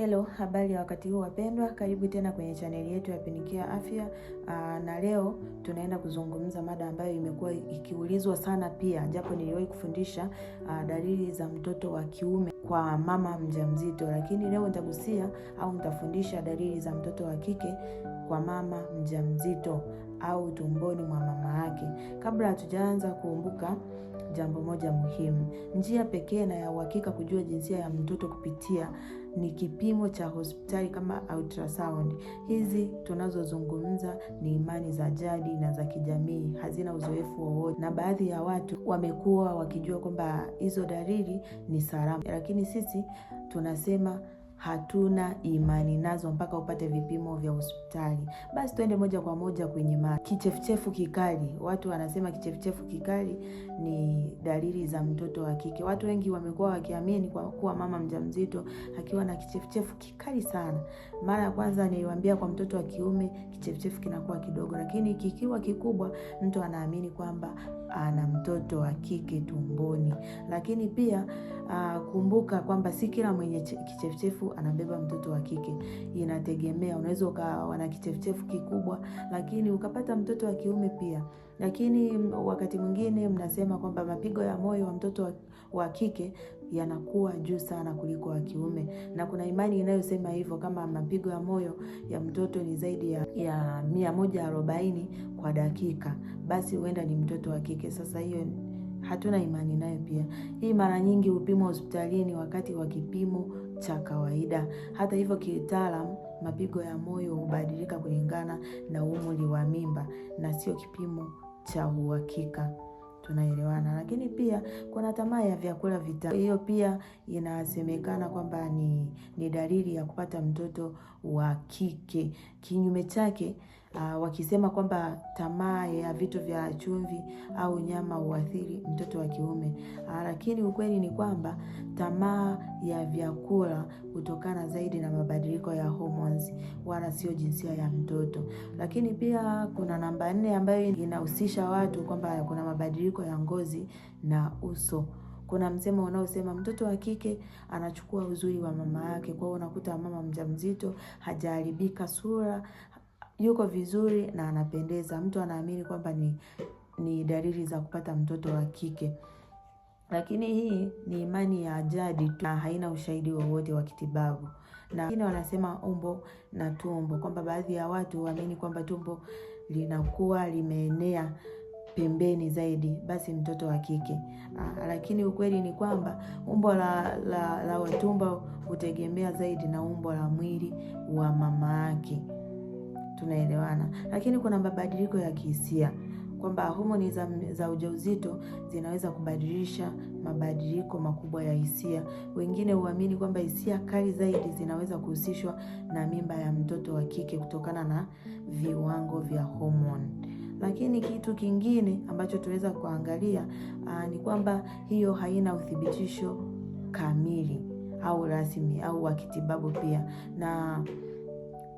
Hello, habari ya wakati huu wapendwa, karibu tena kwenye chaneli yetu ya Pinikia Afya. Aa, na leo tunaenda kuzungumza mada ambayo imekuwa ikiulizwa sana pia, japo niliwahi kufundisha aa, dalili za mtoto wa kiume kwa mama mjamzito, lakini leo nitagusia au nitafundisha dalili za mtoto wa kike kwa mama mjamzito au tumboni mwa mama yake. Kabla hatujaanza, kuumbuka jambo moja muhimu: njia pekee na ya uhakika kujua jinsia ya mtoto kupitia ni kipimo cha hospitali kama ultrasound. Hizi tunazozungumza ni imani za jadi na za kijamii, hazina uzoefu wowote, na baadhi ya watu wamekuwa wakijua kwamba hizo dalili ni salama, lakini sisi tunasema hatuna imani nazo mpaka upate vipimo vya hospitali. Basi tuende moja kwa moja kwenye ma Kichefuchefu kikali, watu wanasema kichefuchefu kikali ni dalili za mtoto wa kike. Watu wengi wamekuwa wakiamini kwa kuwa mama mjamzito akiwa na kichefuchefu kikali sana, mara ya kwanza niliwaambia kwa mtoto wa kiume kichefuchefu kinakuwa kidogo, lakini kikiwa kikubwa mtu anaamini kwamba ana mtoto wa kike tumboni. Lakini pia uh, kumbuka kwamba si kila mwenye kichefuchefu anabeba mtoto wa kike, inategemea. Unaweza ukawa na kichefuchefu kikubwa lakini ukapata mtoto wa kiume pia. Lakini wakati mwingine mnasema kwamba mapigo ya moyo wa mtoto wa, wa kike yanakuwa juu sana kuliko wa kiume, na kuna imani inayosema hivyo kama mapigo ya moyo ya mtoto ni zaidi ya, ya mia moja arobaini kwa dakika, basi huenda ni mtoto wa kike. Sasa hiyo hatuna imani nayo. Pia hii mara nyingi hupimwa hospitalini wakati wa kipimo cha kawaida. Hata hivyo, kitaalam mapigo ya moyo hubadilika kulingana na umri wa mimba na sio kipimo cha uhakika tunaelewana, lakini pia kuna tamaa ya vyakula vitamu. Hiyo pia inasemekana kwamba ni, ni dalili ya kupata mtoto wa kike. Kinyume chake uh, wakisema kwamba tamaa ya vitu vya chumvi au nyama huathiri mtoto wa kiume uh, lakini ukweli ni kwamba tamaa ya vyakula hutokana zaidi na mabadiliko ya hormones wala sio jinsia ya mtoto. Lakini pia kuna namba nne ambayo inahusisha watu kwamba kuna mabadiliko ya ngozi na uso. Kuna msemo unaosema mtoto wa kike anachukua uzuri wa mama yake. Kwa hiyo unakuta mama mjamzito hajaharibika sura, yuko vizuri na anapendeza. Mtu anaamini kwamba ni, ni dalili za kupata mtoto wa kike, lakini hii ni imani ya jadi tu na haina ushahidi wowote wa kitibabu. Na wengine wanasema umbo na tumbo, kwamba baadhi ya watu huamini kwamba tumbo linakuwa limeenea pembeni zaidi, basi mtoto wa kike. Ah, lakini ukweli ni kwamba umbo la, la, la tumbo hutegemea zaidi na umbo la mwili wa mama yake tunaelewana, lakini kuna mabadiliko ya kihisia kwamba homoni za, za ujauzito zinaweza kubadilisha mabadiliko makubwa ya hisia. Wengine huamini kwamba hisia kali zaidi zinaweza kuhusishwa na mimba ya mtoto wa kike kutokana na viwango vya homoni. Lakini kitu kingine ambacho tunaweza kuangalia aa, ah, ni kwamba hiyo haina uthibitisho kamili au rasmi au wa kitibabu pia na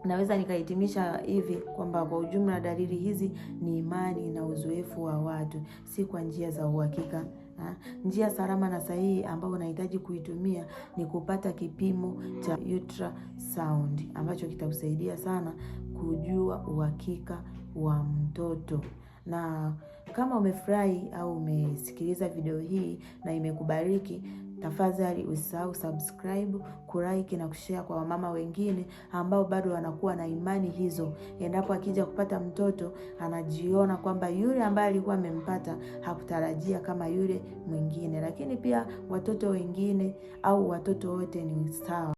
Naweza nikahitimisha hivi kwamba kwa ujumla dalili hizi ni imani na uzoefu wa watu, si kwa njia za uhakika. Ha? Ah, njia salama na sahihi ambayo unahitaji kuitumia ni kupata kipimo cha ultrasound ambacho kitakusaidia sana kujua uhakika wa mtoto. Na kama umefurahi au umesikiliza video hii na imekubariki Tafadhali usisahau subscribe, kulike na kushare kwa wamama wengine ambao bado wanakuwa na imani hizo. Endapo akija kupata mtoto anajiona kwamba yule ambaye alikuwa amempata hakutarajia kama yule mwingine, lakini pia watoto wengine au watoto wote ni sawa.